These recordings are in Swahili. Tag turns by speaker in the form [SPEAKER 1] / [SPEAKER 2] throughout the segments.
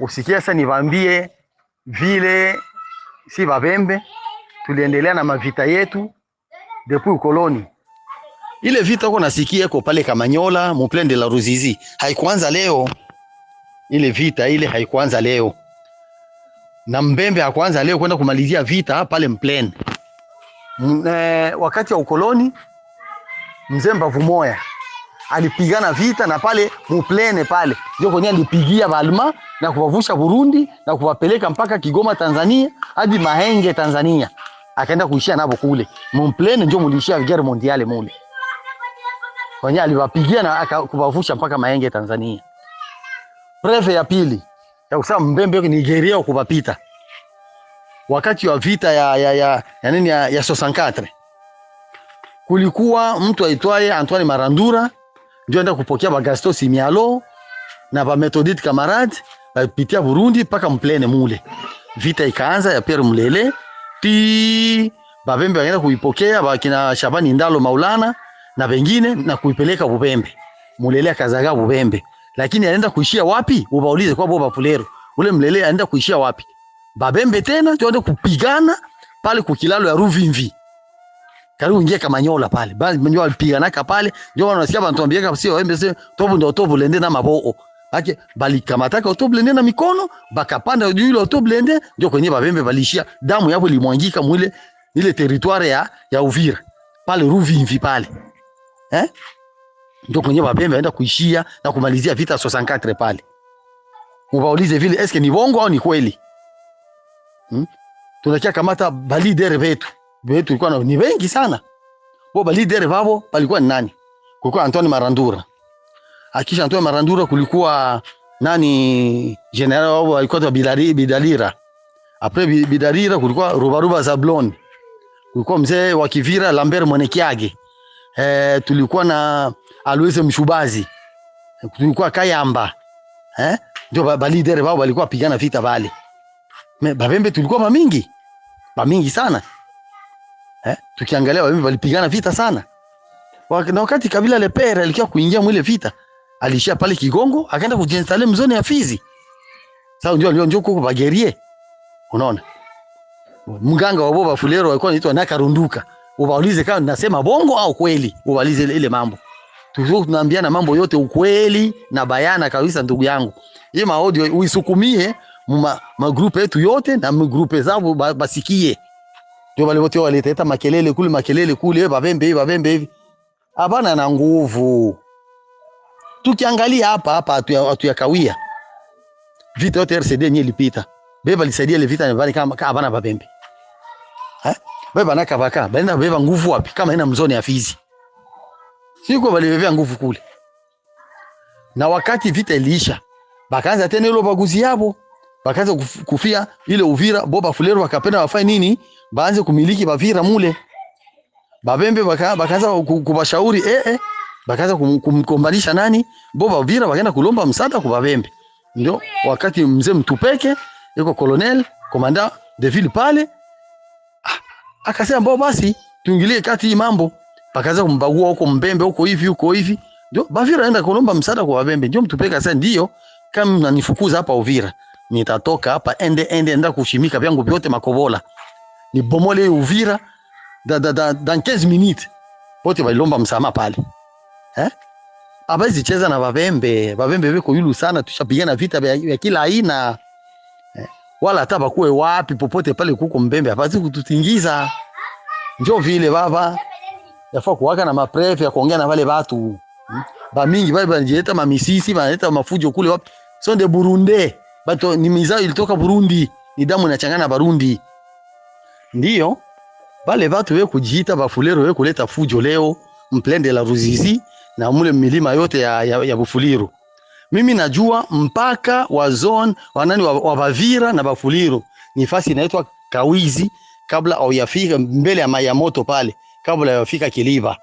[SPEAKER 1] usikia sasa nivambie vile si Vavembe tuliendelea na mavita yetu depuis ukoloni.
[SPEAKER 2] Ile vita uko nasikia ko pale Kamanyola muplende la Ruzizi haikuanza leo, ile vita ile haikuanza leo, na mbembe hakuanza leo kwenda kumalizia vita pale mplene.
[SPEAKER 1] Mm, eh, wakati wa ukoloni mzee Mbavu moya alipigana vita na pale Muplene pale ndio kwenye alipigia Balma na kuwavusha Burundi na kuwapeleka mpaka Kigoma Tanzania hadi Mahenge Tanzania, akaenda kuishia nabo kule Muplene, ndio mulishia Guerre Mondiale mule kwenye aliwapigia na akawavusha mpaka Mahenge Tanzania. Preve ya pili ya kusema mbembe ni Nigeria kupapita wakati wa vita ya ya ya, ya nini ya, ya 64 kulikuwa mtu aitwaye Antoine Marandura ndio enda kupokea Bagasto Simialo na ba Methodite Kamarade bapitia Burundi mpaka mplene mule. Vita ikaanza ya Pierre Mlele pi babembe wangenda kuipokea bakina Shabani Ndalo Maulana na wengine na kuipeleka Bubembe. Mlele akazaga Bubembe, lakini alienda kuishia wapi? Ubaulize kwa Boba Pulero, ule Mlele alienda kuishia wapi? Babembe tena ndio kupigana pale kukilalo ya Ruvimvi karibu ingia kama nyola pale bali mnyo alipiga naka pale ndio wanasikia bantu kama sio embe sio tobu ndio tobu lende na maboo ake bali kama kamataka tobu lende na mikono bakapanda juu ile tobu lende ndio kwenye babembe balishia damu yapo limwangika mwile ile territoire ya ya Uvira pale Ruvimvi pale eh ndio kwenye babembe aenda kuishia na kumalizia vita 64 pale mubaulize vile eske ni bongo au ni kweli hmm? tunakia kamata balidere betu wewe tulikuwa na ni wengi sana. Wao ba leader wao palikuwa ni nani? Kulikuwa antoni Marandura. Akisha antoni Marandura kulikuwa nani general wao alikuwa tu Bidari Bidalira. Apre Bidalira kulikuwa Rubaruba Zablon. Kulikuwa mzee wa Kivira Lambert Mwenekiage. Eh, tulikuwa na Aloise Mshubazi. Tulikuwa Kayamba. Eh? Ndio ba, ba leader wao walikuwa pigana vita bale. Me, babembe tulikuwa mamingi. Mamingi sana. Eh? Tukiangalia wao walipigana vita sana. Na wakati kabila Lepera alikuwa kuingia mwile vita, alishia pale Kigongo, akaenda kujiinstale mzoni ya Fizi. Sasa ndio ndio ndio kuko bagerie. Unaona? Mganga wa Boba Fulero alikuwa anaitwa Nakarunduka. Ubaulize kama ninasema bongo au kweli. Ubaulize ile mambo. Tuzo tunaambiana mambo yote ukweli na bayana kabisa ndugu yangu. Hii maudio uisukumie ma, ma group yetu yote na ma group zao basikie. Ba, ndio wale wote waliteta makelele kule, makelele kule, eh, babembe hivi, eh, babembe hivi, hapana na nguvu. Tukiangalia hapa hapa hatuyakawia vita yote RCD yenyewe ilipita, beba lisaidia ile vita nyumbani, kama hapana babembe eh, beba na baka baenda beba nguvu wapi, kama ina mzoni ya Fizi siko balibebea nguvu kule, na wakati vita iliisha, bakaanza tena ile baguzi yabo, bakaanza kufia ile Uvira boba fulero, wakapenda wafanye nini baanze kumiliki bavira mule babembe bakaanza kubashauri eh, eh bakaanza kumkombanisha nani bo bavira bakaenda kulomba msaada kwa babembe, ndio wakati mzee Mtupeke yuko colonel komanda de ville pale ah, akasema bo basi tuingilie kati hii mambo, bakaanza kumbagua huko mbembe huko hivi huko hivi, ndio bavira anaenda kulomba msaada kwa babembe. Ndio Mtupeke akasema ndio, kama mnanifukuza hapa Uvira, nitatoka hapa ende ende enda kushimika vyangu vyote Makobola nibomole Uvira da, da, da, dans 15 minutes bote balilomba msamaha pale eh? Abaizi cheza na Bavembe, Bavembe beko yulu sana, tushapigana vita ya kila aina eh? Wala hata bakuwe wapi popote pale kuko mbembe abazi kututingiza, njo vile baba yafaa kuwaka na maprefe ya kuongea na wale watu hmm? mingi bale banjeta mamisisi banaleta mafujo kule wapi, sonde Burunde bato ni mizao ilitoka Burundi, ni damu inachangana Barundi Ndiyo bale batu we kujiita bafuliru we kuleta fujo leo mplende la Ruzizi na mule milima yote ya, ya, ya Bufuliru. Mimi najua mpaka wa zone wanani wa, wa Bavira na Bafuliru ni fasi inaitwa Kawizi, kabla au yafika mbele ya Mayamoto pale, kabla yafika Kiliba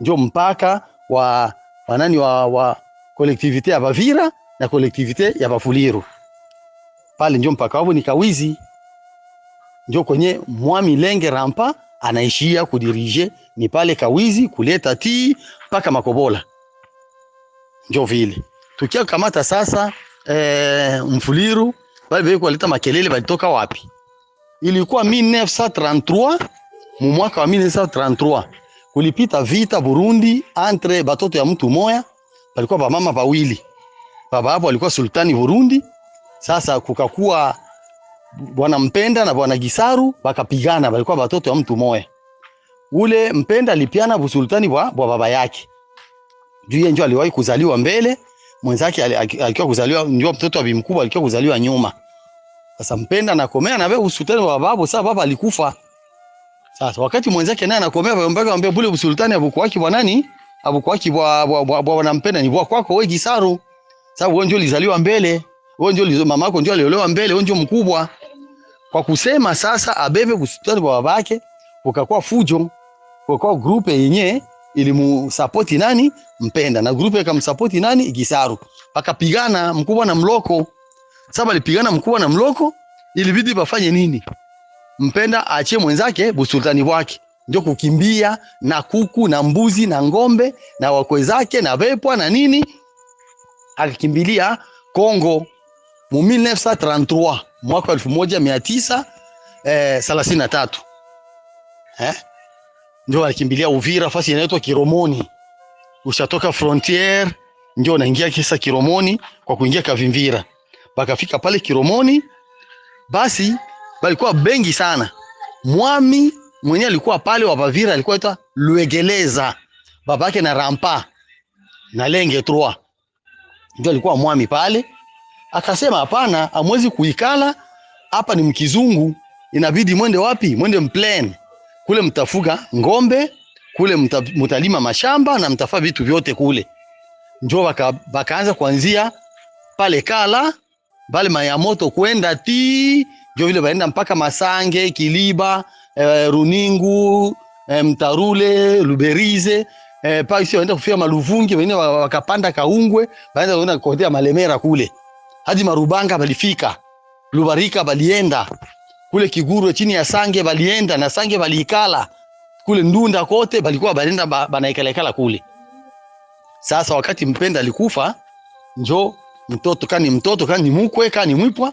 [SPEAKER 1] ndio mpaka wa wanani wa, wa kolektivite ya Bavira na kolektivite ya Bafuliru pale, ndio mpaka wao ni Kawizi ndio kwenye Mwami Lenge Rampa anaishia kudirije, ni pale Kawizi kuleta ti mpaka Makobola, ndio vile tukia kamata sasa. E, Mfuliru bali bali kuleta makelele balitoka wapi? Ilikuwa 1933 mu mwaka wa 1933 kulipita vita Burundi entre batoto ya mtu moya, balikuwa ba mama bawili, baba hapo alikuwa sultani Burundi. Sasa kukakuwa Bwana Mpenda na Bwana Gisaru wakapigana, walikuwa watoto wa mtu moya. Ule Mpenda alipiana busultani bwa bwa baba yake, juu yeye ndio aliwahi kuzaliwa mbele, mwenzake alikuwa kuzaliwa ndio mtoto wa bimkubwa alikuwa kuzaliwa nyuma. Sasa Mpenda anakomea na wewe usultani wa babu, sasa baba alikufa. Sasa wakati mwenzake naye anakomea, wewe wambaga ambaye bule usultani abukwaki bwana nani? Abukwaki bwa bwa Bwana Mpenda ni bwa kwako wewe Gisaru. Sababu wewe ndio ulizaliwa mbele, wewe ndio mama yako ndio aliolewa mbele, wewe ndio mkubwa. Kwa kusema sasa abebe busutani kwa babake, ukakuwa fujo, ukakuwa grupe yenye ilimusapoti nani Mpenda na grupe ikamsapoti nani Gisaru, pakapigana mkubwa na mloko. Sasa alipigana mkubwa na mloko, ilibidi bafanye nini? Mpenda aachie mwenzake busultani wake, ndio kukimbia na kuku na mbuzi na ngombe na wakwe zake na vepwa na nini, akakimbilia Kongo mu 1933 mwaka elfu moja mia tisa eh, thelathini na tatu eh? Ndio alikimbilia Uvira, fasi inaitwa Kiromoni. Ushatoka frontier ndio unaingia kisa Kiromoni kwa kuingia Kavimvira, bakafika pale Kiromoni. Basi balikuwa bengi sana. Mwami mwenye alikuwa pale wa Bavira alikuwa aitwa Luegeleza, babake na Rampa na Lenge 3 ndio alikuwa mwami pale Akasema hapana, amwezi kuikala hapa, ni mkizungu, inabidi mwende wapi? Mwende mplen kule, mtafuga ng'ombe kule, mta, mtalima mashamba na mtafaa vitu vyote kule. Njoo baka, kuanzia pale Kala pale Mayamoto kwenda ti njoo vile baenda mpaka Masange, Kiliba, e, Runingu, e, Mtarule, Luberize, e, eh, pa sio waenda kufia Maluvungi, wengine wakapanda Kaungwe, baenda kuenda kotea Malemera kule hadi Marubanga balifika, Lubarika balienda kule, Kigurwe chini ya Sange balienda na Sange baliikala kule, Ndunda kote balikuwa balienda ba, banaikalakala kule. Sasa wakati Mpenda alikufa, njo mtoto kani mtoto kani mukwe kani mwipwa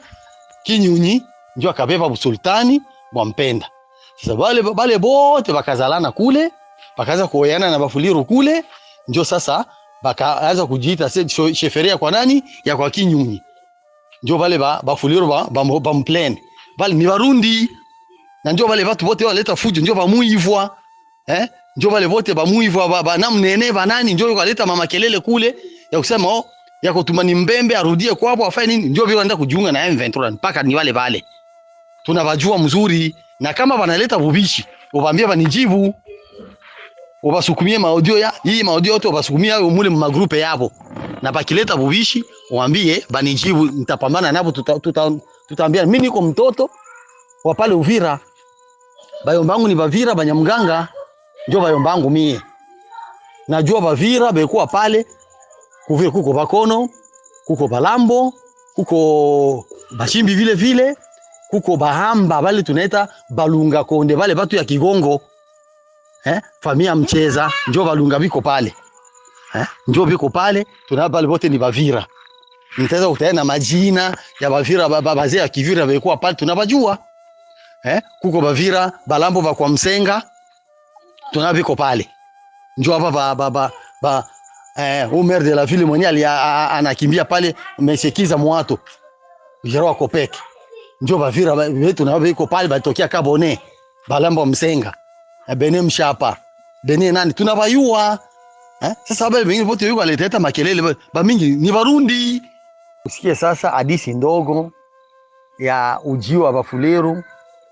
[SPEAKER 1] Kinyunyi njo akabeba usultani wa Mpenda. Sasa bale bale bote bakazalana kule, bakaanza kuoyana na Bafuliru kule, njo sasa bakaanza kujiita sheferia kwa nani ya kwa Kinyunyi njo vale bafolero ba, ba, ba, ba bamuplene vale ni varundi na njo vale vatu vote waleta fujo njo bamuivwa eh? njo vale vote bamuivwa ba, ba, namnene banani njo kaleta kelele kule ya kusema oh, ya kutuma ni mbembe arudie kwapo afanye nini, njo vile anaenda kujiunga na M23 mpaka ni wale wale tunawajua mzuri, na kama wanaleta vubishi ubaambia banijibu ubasukumie maudio ya hii maudio yote ubasukumie mule mumagrupe yapo na bakileta vubishi mwambie banijibu, nitapambana navo, tutaambia tuta, tuta, mimi niko mtoto wa pale Uvira, bayombangu ni Bavira, Banyamganga njo bayombangu mie najua Bavira bekuwa pale kuvile, kuko Bakono, kuko Balambo, kuko Bashimbi vile vile, kuko Bahamba bale tunaita Balunga Konde, bale batu ya Kigongo eh, famia mcheza njo Balunga biko pale eh, njo biko pale tunaa pale bote ni Bavira mtaweza kutana na majina ya bavira bazee ya kivira bekuwa pale tunabajua eh, kuko bavira balambo bakwa msenga tunabiko pale njua hapa ba, ba, ba, eh, maire de la ville mwenye anakimbia pale mesekiza mwato Jeroa Kopeke njua bavira vetu nao biko pale batokia Kabone balambo msenga eh, Bene mshapa Bene nani tunabayua eh? Sasa bale bengine bote yuko aliteta makelele ba mingi ni Barundi Usikie sasa hadithi ndogo ya ujio wa Bafuleru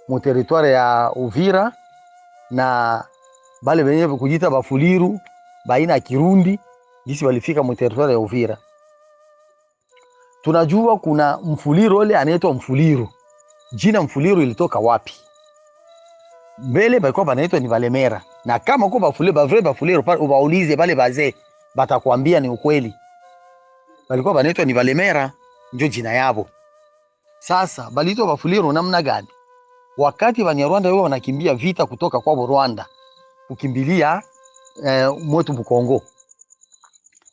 [SPEAKER 1] mu teritwari ya Uvira na bale benye kujita Bafuliru baina ya Kirundi jinsi walifika mu teritwari ya Uvira. Tunajua kuna mfuliru ole anaitwa Mfuliru. Jina Mfuliru ilitoka wapi? Mbele balikuwa banaitwa ni Valemera. na kama uko bafuliru, bafuliru, bafuliru, ubaulize bale bazee, batakwambia ni ukweli balikuwa banaitwa ni Valemera, ndio jina yavo. Sasa baliitwa Bafuliro namna gani? Wakati Banyarwanda wao wanakimbia vita kutoka kwa Rwanda kukimbilia eh, mwetu Bukongo,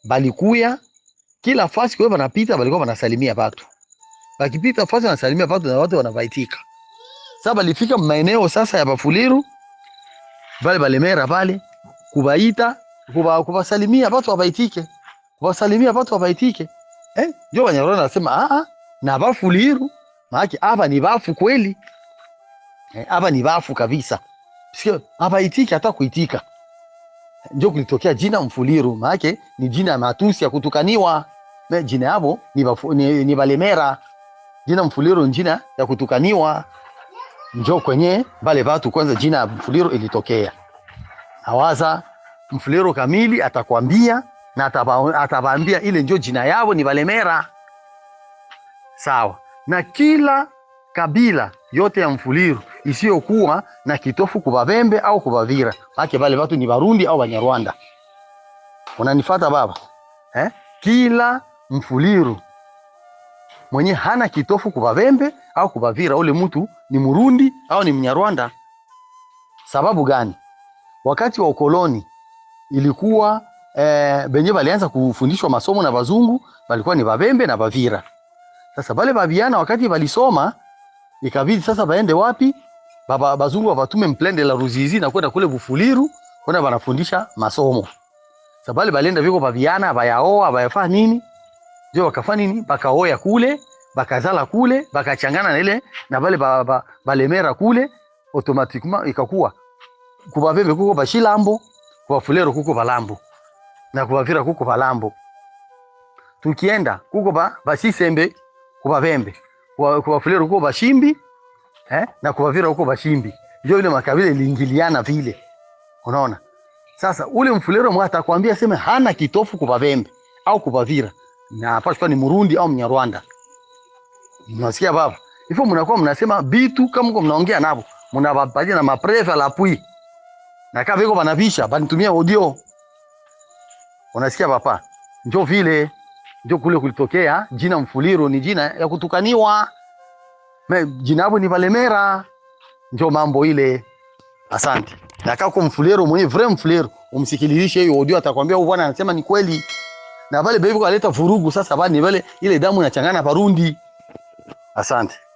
[SPEAKER 1] balikuya kila fasi kwa banapita, balikuwa banasalimia watu, bakipita fasi wanasalimia watu na watu wanavaitika. Sasa balifika maeneo sasa ya Bafuliru vale Balemera vale kubaita kuba, kubasalimia watu wabaitike kuwasalimia watu wafaitike. Eh, ndio Wanyarwanda wanasema a ah, a ah, na bafu liru, maana hapa ni bafu kweli. Eh, hapa ni bafu kabisa. Sio hapa itiki hata kuitika. Ndio kulitokea jina Mfuliru, maana ni jina ya matusi ya kutukaniwa. Na jina yabo ni bafu, ni, ni Balemera. Jina Mfuliru ni jina ya kutukaniwa. Njo kwenye bale watu kwanza jina Mfuliru ilitokea. Hawaza Mfuliru kamili atakwambia na atawaambia ile ndio jina yao ni Valemera. sawa. Na kila kabila yote ya Mfuliru isiyokuwa na kitofu kubavembe au kubavira, baki vale watu ni Barundi au Banyarwanda. Unanifata baba eh? Kila Mfuliru mwenye hana kitofu kubavembe au kubavira, ule mtu ni Murundi au ni Mnyarwanda. Sababu gani? Wakati wa ukoloni ilikuwa Eh, benye walianza kufundishwa masomo na wazungu walikuwa ni wabembe na wavira. Sasa wale babiana wakati walisoma ikabidi sasa waende wapi? Baba wazungu wawatume mplende la Ruzizi na kwenda kule Bufuliru kwenda wanafundisha masomo. Sasa wale walienda viko babiana bayaoa bayafanya nini? Ndio wakafa nini? Bakaoya kule, bakazala kule, bakachangana na ile na wale baba balemera kule automatiquement ikakuwa kubabembe kuko bashilambo, kubafuliru kuko balambo na kuvavira kuko palambo tukienda kuko pa pasisembe kupapembe kuvafulira kuko pashimbi eh, na kuvavira kuko pashimbi ndio ile makabila iliingiliana vile unaona sasa ule mfulero mwa atakwambia sema hana kitofu kupavembe au kuvavira na hapashwa ni Murundi au Mnyarwanda mnasikia baba ifo mnakuwa mnasema bitu kama mko mnaongea nabo mnabapaje na maprefa la pui na kama viko banapisha banitumia audio Unasikia papa, njo vile njo kule kulitokea jina Mfuliro ni jina ya kutukaniwa, jinabu ni Valemera, njo mambo ile. Asante na kako Mfuliro mwenye vrai Mfuliro, umsikililishe hiyo audio, atakwambia huyu bwana anasema ni kweli, na vale bebi kaleta vurugu sasa, bani vale ile damu inachangana Barundi. Asante.